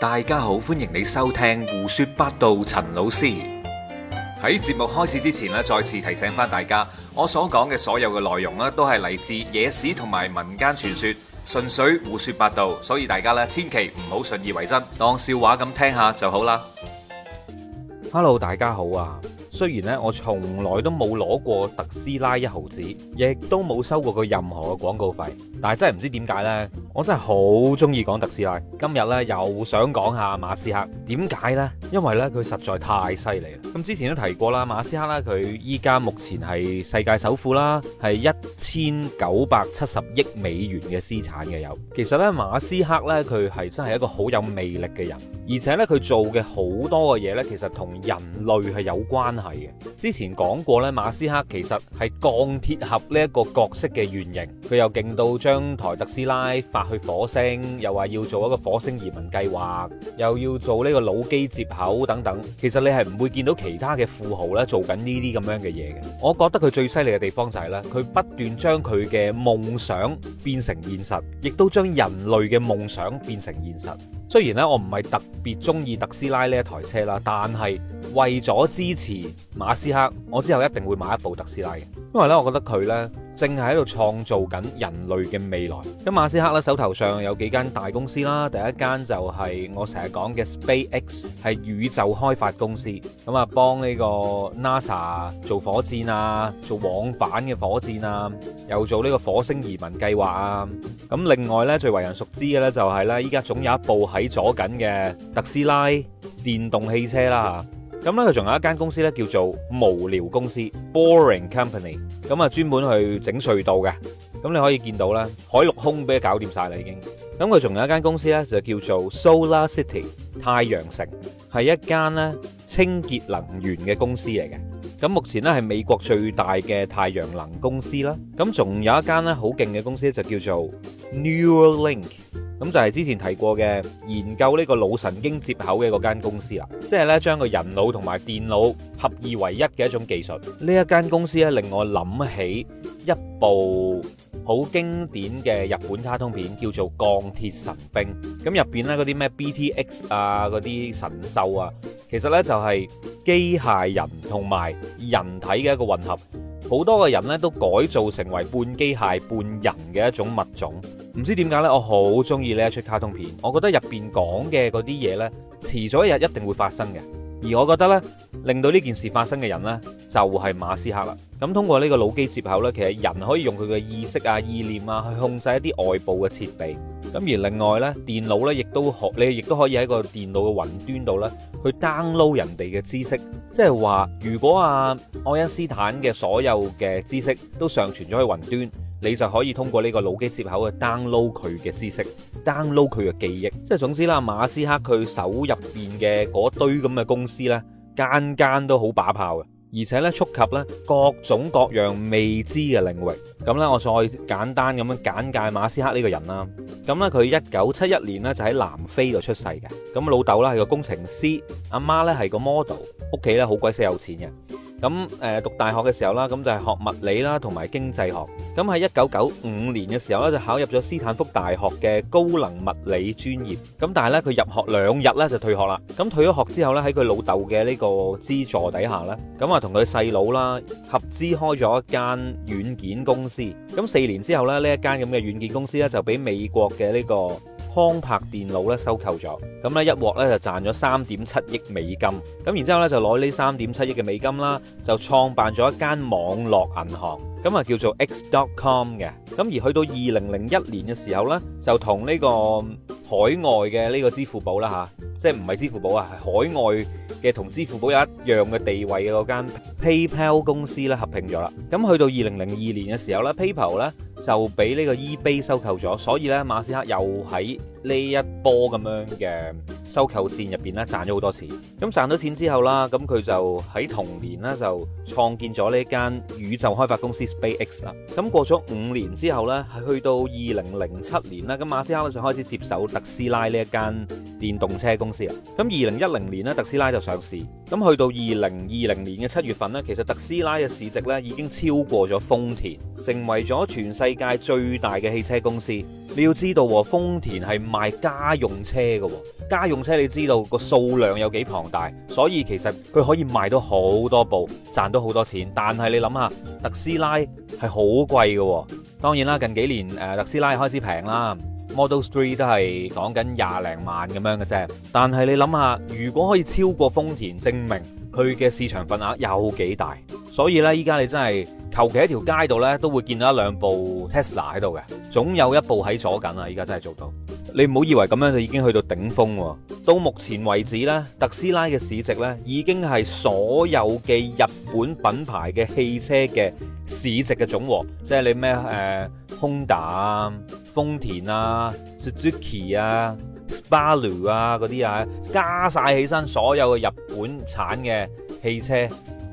大家好，歡迎你收聽胡說八道。陳老師喺節目開始之前咧，再次提醒翻大家，我所講嘅所有嘅內容咧，都係嚟自野史同埋民間傳說，純粹胡說八道，所以大家咧千祈唔好信以為真，當笑話咁聽下就好啦。Hello，大家好啊。雖然咧，我從來都冇攞過特斯拉一毫子，亦都冇收過佢任何嘅廣告費，但係真係唔知點解呢。我真係好中意講特斯拉。今日呢，又想講下馬斯克點解呢？因為呢，佢實在太犀利啦！咁之前都提過啦，馬斯克呢，佢依家目前係世界首富啦，係一千九百七十億美元嘅資產嘅有。其實呢，馬斯克呢，佢係真係一個好有魅力嘅人，而且呢，佢做嘅好多嘅嘢呢，其實同人類係有關係。之前講過咧，馬斯克其實係鋼鐵俠呢一個角色嘅原型，佢又勁到將台特斯拉發去火星，又話要做一個火星移民計劃，又要做呢個腦機接口等等。其實你係唔會見到其他嘅富豪呢做緊呢啲咁樣嘅嘢嘅。我覺得佢最犀利嘅地方就係呢，佢不斷將佢嘅夢想變成現實，亦都將人類嘅夢想變成現實。雖然咧，我唔係特別中意特斯拉呢一台車啦，但係為咗支持馬斯克，我之後一定會買一部特斯拉嘅，因為呢，我覺得佢呢，正係喺度創造緊人類嘅未來。咁馬斯克咧，手頭上有幾間大公司啦，第一間就係我成日講嘅 SpaceX，係宇宙開發公司，咁啊幫呢個 NASA 做火箭啊，做往返嘅火箭啊，又做呢個火星移民計劃啊。咁另外呢，最為人熟知嘅呢就係呢依家總有一部喺左近嘅特斯拉電動汽車啦。咁咧，佢仲有一間公司咧，叫做無聊公司 （Boring Company），咁啊專門去整隧道嘅。咁你可以見到咧，海陸空俾佢搞掂曬啦已經。咁佢仲有一間公司咧，就叫做 Solar City 太陽城，係一間咧清潔能源嘅公司嚟嘅。咁目前咧係美國最大嘅太陽能公司啦。咁仲有一間咧好勁嘅公司就叫做 Neuralink。咁就係之前提過嘅研究呢個腦神經接口嘅嗰間公司啦，即係咧將個人腦同埋電腦合二為一嘅一種技術。呢一間公司呢，令我諗起一部好經典嘅日本卡通片，叫做《鋼鐵神兵》。咁入邊呢，嗰啲咩 BTX 啊，嗰啲神獸啊，其實呢就係機械人同埋人體嘅一個混合，好多個人呢，都改造成為半機械半人嘅一種物種。唔知點解呢，我好中意呢一出卡通片。我覺得入邊講嘅嗰啲嘢呢，遲咗一日一定會發生嘅。而我覺得呢，令到呢件事發生嘅人呢，就係馬斯克啦。咁通過呢個腦機接口呢，其實人可以用佢嘅意識啊、意念啊去控制一啲外部嘅設備。咁而另外呢，電腦呢亦都學，你亦都可以喺個電腦嘅雲端度呢，去 download 人哋嘅知識。即係話，如果啊，愛因斯坦嘅所有嘅知識都上傳咗去雲端。你就可以通過呢個腦機接口去 download 佢嘅知識，download 佢嘅記憶。即係總之啦，馬斯克佢手入邊嘅嗰堆咁嘅公司咧，間間都好把炮嘅，而且咧觸及咧各種各樣未知嘅領域。咁呢，我再簡單咁樣簡介馬斯克呢個人啦。咁呢，佢一九七一年咧就喺南非度出世嘅。咁老豆呢係個工程師，阿媽呢係個 model，屋企呢好鬼死有錢嘅。咁誒，讀大學嘅時候啦，咁就係學物理啦，同埋經濟學。咁喺一九九五年嘅時候咧，就考入咗斯坦福大學嘅高能物理專業。咁但係咧，佢入學兩日咧就退學啦。咁退咗學之後咧，喺佢老豆嘅呢個資助底下咧，咁啊同佢細佬啦合資開咗一間軟件公司。咁四年之後咧，呢一間咁嘅軟件公司咧就俾美國嘅呢個。康柏電腦咧收購咗，咁咧一鑊咧就賺咗三點七億美金，咁然之後咧就攞呢三點七億嘅美金啦，就創辦咗一間網絡銀行，咁啊叫做 X.com 嘅，咁而去到二零零一年嘅時候呢就同呢個海外嘅呢個支付寶啦嚇，即係唔係支付寶啊，係海外嘅同支付寶有一樣嘅地位嘅嗰間 PayPal 公司咧合併咗啦，咁去到二零零二年嘅時候呢 PayPal 咧。就俾呢個 eBay 收購咗，所以呢馬斯克又喺呢一波咁樣嘅收購戰入邊呢賺咗好多錢。咁賺到錢之後啦，咁佢就喺同年呢就創建咗呢間宇宙開發公司 SpaceX 啦。咁過咗五年之後呢，係去到二零零七年啦，咁馬斯克呢就開始接手特斯拉呢一間電動車公司啦。咁二零一零年呢，特斯拉就上市。咁去到二零二零年嘅七月份呢，其實特斯拉嘅市值呢已經超過咗豐田。成為咗全世界最大嘅汽車公司。你要知道，豐田係賣家用車嘅，家用車你知道個數量有幾龐大，所以其實佢可以賣到好多部，賺到好多錢。但係你諗下，特斯拉係好貴嘅，當然啦，近幾年誒特斯拉開始平啦，Model 3都係講緊廿零萬咁樣嘅啫。但係你諗下，如果可以超過豐田，證明佢嘅市場份額有幾大。所以呢，依家你真係。求其一條街度咧，都會見到一兩部 Tesla 喺度嘅，總有一部喺左近啊！依家真係做到，你唔好以為咁樣就已經去到頂峰喎。到目前為止咧，特斯拉嘅市值咧已經係所有嘅日本品牌嘅汽車嘅市值嘅總和，即係你咩誒、呃，Honda 啊、豐田啊、Suzuki 啊、Subaru 啊嗰啲啊，加晒起身所有嘅日本產嘅汽車，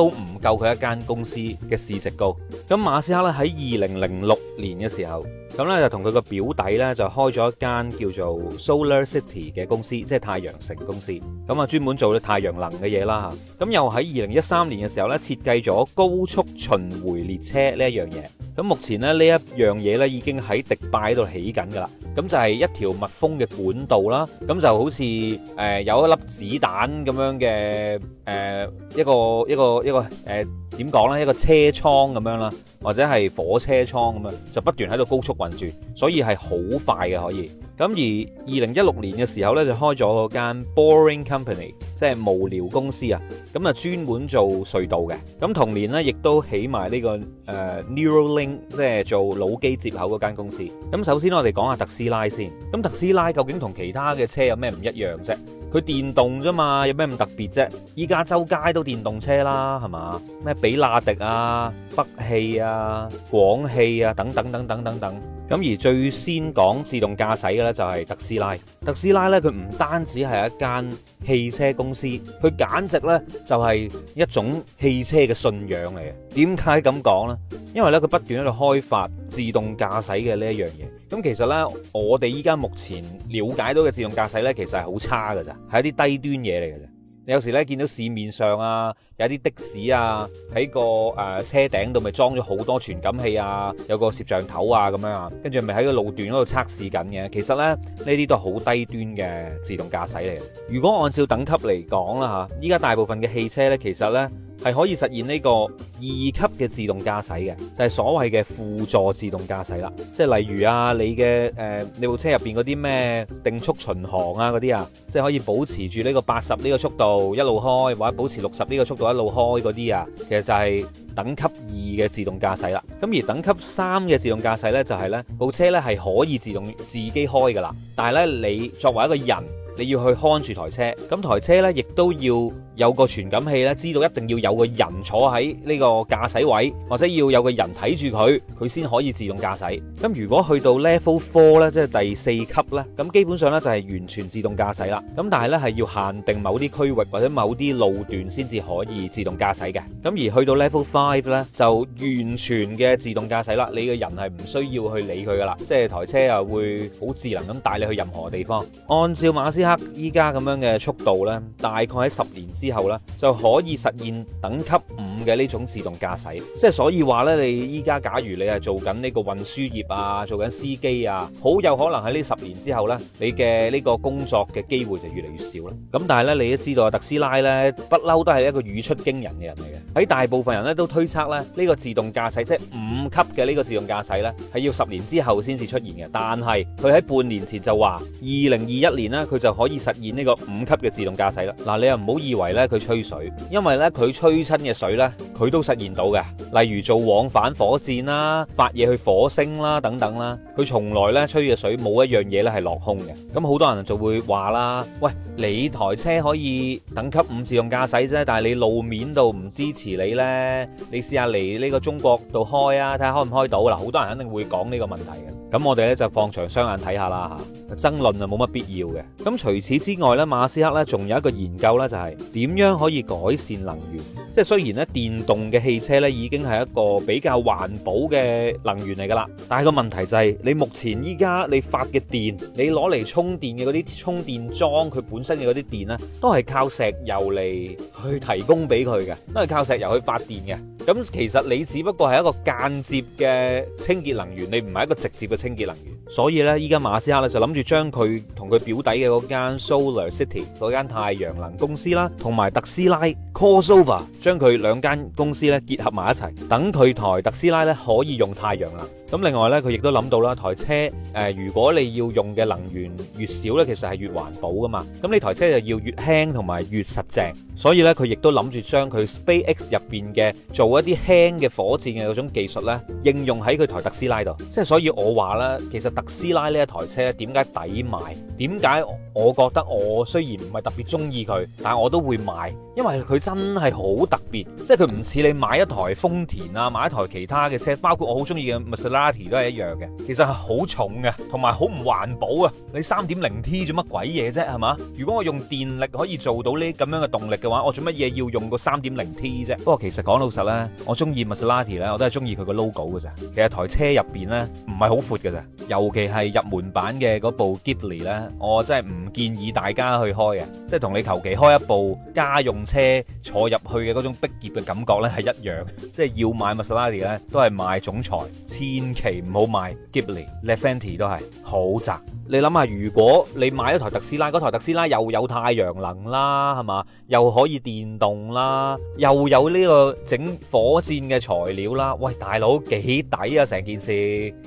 都唔夠佢一間公司嘅市值高。咁馬斯克咧喺二零零六年嘅時候，咁咧就同佢個表弟咧就開咗一間叫做 Solar City 嘅公司，即係太陽城公司。咁啊，專門做咗太陽能嘅嘢啦。咁又喺二零一三年嘅時候咧，設計咗高速巡迴列車呢一樣嘢。咁目前咧呢一樣嘢咧已經喺迪拜度起緊㗎啦，咁就係一條密封嘅管道啦，咁就好似誒、呃、有一粒子彈咁樣嘅誒、呃、一個一個一個誒點講咧一個車艙咁樣啦，或者係火車艙咁樣，就不斷喺度高速運轉，所以係好快嘅可以。咁而二零一六年嘅時候呢，就開咗嗰間 Boring Company，即係無聊公司啊。咁啊，專門做隧道嘅。咁同年呢，亦都起埋呢個誒、呃、Neuralink，即係做腦機接口嗰間公司。咁首先我哋講下特斯拉先。咁特斯拉究竟同其他嘅車有咩唔一樣啫？佢電動啫嘛，有咩咁特別啫？依家周街都電動車啦，係嘛？咩比亞迪啊、北汽啊、廣汽啊，等等等等等等等等。咁而最先講自動駕駛嘅呢，就係特斯拉。特斯拉呢，佢唔單止係一間汽車公司，佢簡直呢，就係、是、一種汽車嘅信仰嚟嘅。點解咁講呢？因為呢，佢不斷喺度開發自動駕駛嘅呢一樣嘢。咁、嗯、其實呢，我哋依家目前了解到嘅自動駕駛呢，其實係好差㗎咋，係一啲低端嘢嚟嘅。有時咧見到市面上啊有啲的士啊喺個誒、呃、車頂度咪裝咗好多傳感器啊，有個攝像頭啊咁樣啊，跟住咪喺個路段嗰度測試緊嘅。其實咧呢啲都係好低端嘅自動駕駛嚟。如果按照等級嚟講啦吓，依家大部分嘅汽車咧，其實咧。係可以實現呢個二級嘅自動駕駛嘅，就係所謂嘅輔助自動駕駛啦。即係例如啊，你嘅誒、呃，你部車入邊嗰啲咩定速巡航啊嗰啲啊，即係可以保持住呢個八十呢個速度一路開，或者保持六十呢個速度一路開嗰啲啊，其實就係等級二嘅自動駕駛啦。咁而等級三嘅自動駕駛呢，就係呢部車呢，係可以自動自己開噶啦，但係呢，你作為一個人，你要去看住台車，咁台車呢，亦都要。有個傳感器咧，知道一定要有個人坐喺呢個駕駛位，或者要有個人睇住佢，佢先可以自動駕駛。咁如果去到 Level Four 咧，即係第四級咧，咁基本上咧就係完全自動駕駛啦。咁但係咧係要限定某啲區域或者某啲路段先至可以自動駕駛嘅。咁而去到 Level Five 咧，就完全嘅自動駕駛啦。你個人係唔需要去理佢噶啦，即係台車啊會好智能咁帶你去任何地方。按照馬斯克依家咁樣嘅速度咧，大概喺十年之之後咧就可以實現等級五嘅呢種自動駕駛，即係所以話呢，你依家假如你係做緊呢個運輸業啊，做緊司機啊，好有可能喺呢十年之後呢，你嘅呢個工作嘅機會就越嚟越少啦。咁但係呢，你都知道特斯拉呢，不嬲都係一個語出驚人嘅人嚟嘅。喺大部分人呢，都推測咧呢個自動駕駛，即係五級嘅呢個自動駕駛呢，係要十年之後先至出現嘅。但係佢喺半年前就話，二零二一年呢，佢就可以實現呢個五級嘅自動駕駛啦。嗱，你又唔好以為咧。佢吹水，因為咧佢吹親嘅水咧，佢都實現到嘅，例如做往返火箭啦，發嘢去火星啦等等啦，佢從來咧吹嘅水冇一樣嘢咧係落空嘅。咁好多人就會話啦，喂，你台車可以等級五自動駕駛啫，但係你路面度唔支持你呢？你試下嚟呢個中國度開啊，睇下開唔開到嗱，好多人肯定會講呢個問題嘅。咁我哋咧就放長雙眼睇下啦吓，爭論啊冇乜必要嘅。咁除此之外呢，馬斯克呢仲有一個研究呢，就係點樣可以改善能源。即係雖然呢電動嘅汽車呢已經係一個比較環保嘅能源嚟噶啦，但係個問題就係你目前依家你發嘅電，你攞嚟充電嘅嗰啲充電樁，佢本身嘅嗰啲電呢，都係靠石油嚟去提供俾佢嘅，都係靠石油去發電嘅。咁其實你只不過係一個間接嘅清潔能源，你唔係一個直接嘅清潔能源。所以呢，依家馬斯克咧就諗住將佢同佢表弟嘅嗰間 Solar City，嗰間太陽能公司啦，同埋特斯拉。Crossover 將佢兩間公司咧結合埋一齊，等佢台特斯拉咧可以用太陽能。咁另外咧，佢亦都諗到啦，台車誒、呃，如果你要用嘅能源越少咧，其實係越環保噶嘛。咁呢台車就要越輕同埋越實淨，所以呢，佢亦都諗住將佢 SpaceX 入邊嘅做一啲輕嘅火箭嘅嗰種技術咧應用喺佢台特斯拉度。即係所以我話啦，其實特斯拉呢一台車點解抵買？點解我覺得我雖然唔係特別中意佢，但係我都會買。因為佢真係好特別，即係佢唔似你買一台豐田啊，買一台其他嘅車，包括我好中意嘅 Maserati 都係一樣嘅。其實係好重嘅，同埋好唔環保啊！你三點零 T 做乜鬼嘢啫，係嘛？如果我用電力可以做到呢咁樣嘅動力嘅話，我做乜嘢要用個三點零 T 啫？不過其實講老實咧，我中意 Maserati 咧，我都係中意佢個 logo 噶咋。其實台車入邊咧唔係好闊噶咋，尤其係入門版嘅嗰部 Ghibli 咧，我真係唔建議大家去開嘅，即係同你求其開一部家用。車坐入去嘅嗰種逼仄嘅感覺咧係一樣， 即係要買 Maserati 咧都係買總裁，千祈唔好買 Ghibli Le、Lefenti 都係好窄。你諗下，如果你買咗台特斯拉，嗰台特斯拉又有太陽能啦，係嘛？又可以電動啦，又有呢個整火箭嘅材料啦，喂，大佬幾抵啊，成件事！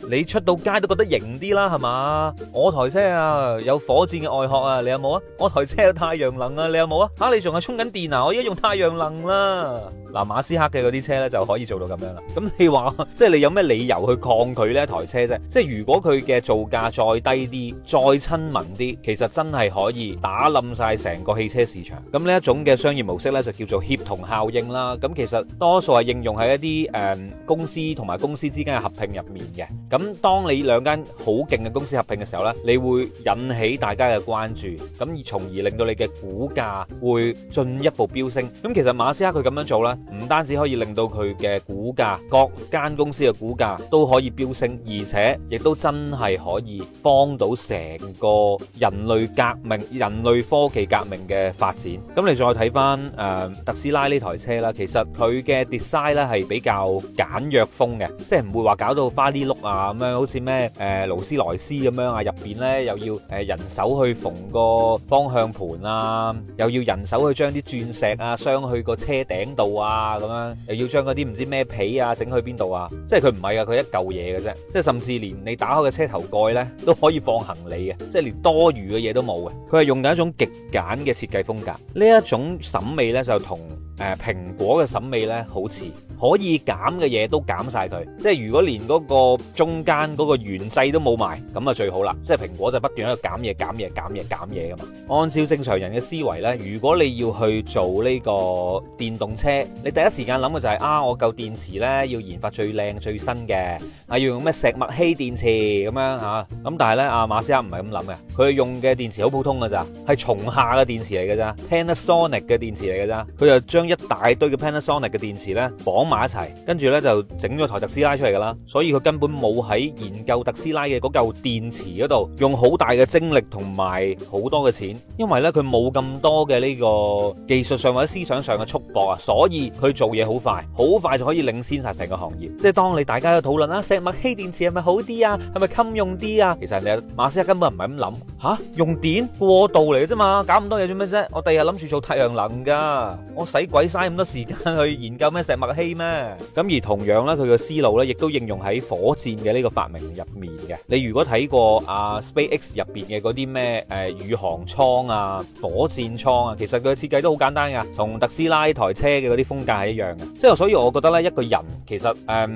你出到街都覺得型啲啦，係嘛？我台車啊有火箭嘅外殼啊，你有冇啊？我台車有太陽能啊，你有冇啊？吓，你仲係充緊電啊？我而家用太陽能啦。嗱，馬斯克嘅嗰啲車咧就可以做到咁樣啦。咁你話，即係你有咩理由去抗拒呢一台車啫？即係如果佢嘅造價再低啲、再親民啲，其實真係可以打冧晒成個汽車市場。咁呢一種嘅商業模式咧，就叫做協同效應啦。咁其實多數係應用喺一啲誒、嗯、公司同埋公司之間嘅合併入面嘅。咁當你兩間好勁嘅公司合併嘅時候咧，你會引起大家嘅關注，咁從而令到你嘅股價會進一步飆升。咁其實馬斯克佢咁樣做咧。唔單止可以令到佢嘅股價，各間公司嘅股價都可以飆升，而且亦都真係可以幫到成個人類革命、人類科技革命嘅發展。咁你再睇翻誒特斯拉呢台車啦，其實佢嘅 design 咧係比較簡約風嘅，即係唔會話搞到花呢碌啊咁樣，好似咩誒勞斯萊斯咁樣啊，入邊咧又要誒人手去縫個方向盤啊，又要人手去將啲鑽石啊鑲去個車頂度啊。啊咁樣，又要將嗰啲唔知咩皮啊整去邊度啊？即係佢唔係噶，佢一嚿嘢嘅啫。即係甚至連你打開嘅車頭蓋呢都可以放行李嘅。即係連多餘嘅嘢都冇嘅。佢係用緊一種極簡嘅設計風格。呢一種審美呢，就同誒、呃、蘋果嘅審美呢好似。可以減嘅嘢都減晒佢，即係如果連嗰個中間嗰個元制都冇埋，咁啊最好啦！即係蘋果就不斷喺度減嘢、減嘢、減嘢、減嘢噶嘛。按照正常人嘅思維呢，如果你要去做呢個電動車，你第一時間諗嘅就係、是、啊，我嚿電池呢，要研發最靚最新嘅，係、啊、要用咩石墨烯電池咁樣嚇？咁、啊、但係呢，阿馬斯克唔係咁諗嘅，佢用嘅電池好普通㗎咋，係松下嘅電池嚟㗎咋，Panasonic 嘅電池嚟㗎咋，佢就將一大堆嘅 Panasonic 嘅電池呢綁埋一齊，跟住咧就整咗台特斯拉出嚟噶啦，所以佢根本冇喺研究特斯拉嘅嗰嚿電池嗰度用好大嘅精力同埋好多嘅錢，因為咧佢冇咁多嘅呢個技術上或者思想上嘅束縛啊，所以佢做嘢好快，好快就可以領先晒成個行業。即係當你大家喺討論啦，石墨烯電池係咪好啲啊，係咪襟用啲啊？其實你、啊、馬斯克根本唔係咁諗吓，用電過度嚟啫嘛，搞咁多嘢做咩啫？我第日諗住做太陽能噶，我使鬼嘥咁多時間去研究咩石墨烯。咩？咁而同樣呢，佢個思路呢亦都應用喺火箭嘅呢個發明入面嘅。你如果睇過啊 SpaceX 入邊嘅嗰啲咩誒宇航艙啊、火箭艙啊，其實佢嘅設計都好簡單噶，同特斯拉台車嘅嗰啲風格係一樣嘅。即係所以，我覺得呢一個人其實誒、呃、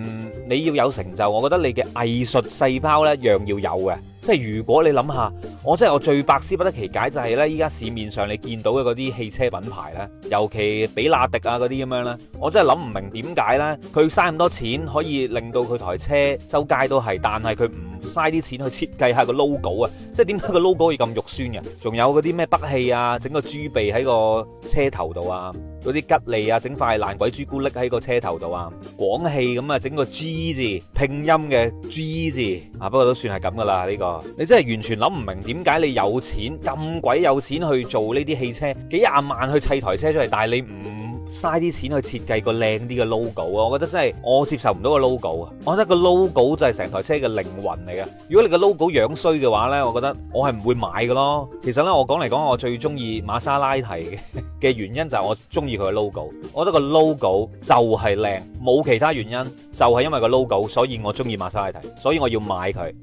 你要有成就，我覺得你嘅藝術細胞呢，一樣要有嘅。即係如果你諗下，我真係我最百思不得其解就係呢。依家市面上你見到嘅嗰啲汽車品牌咧，尤其比亞迪啊嗰啲咁樣咧，我真係諗唔明點解呢。佢嘥咁多錢可以令到佢台車周街都係，但係佢唔嘥啲錢去設計下個 logo 啊！即係點解個 logo 可以咁肉酸嘅？仲有嗰啲咩北汽啊，整個豬鼻喺個車頭度啊，嗰啲吉利啊，整塊爛鬼朱古力喺個車頭度啊，廣汽咁啊，整個 G 字拼音嘅 G 字啊，不過都算係咁噶啦呢個。你真係完全諗唔明點解你有錢，咁鬼有錢去做呢啲汽車，幾廿萬去砌台車出嚟，但係你唔～嘥啲錢去設計個靚啲嘅 logo 啊！我覺得真係我接受唔到個 logo 啊！我覺得個 logo 就係成台車嘅靈魂嚟嘅。如果你個 logo 樣衰嘅話呢，我覺得我係唔會買嘅咯。其實呢，我講嚟講，我最中意瑪莎拉提嘅原因就係我中意佢嘅 logo。我覺得個 logo 就係靚，冇其他原因，就係因為個 logo，所以我中意瑪莎拉提，所以我要買佢。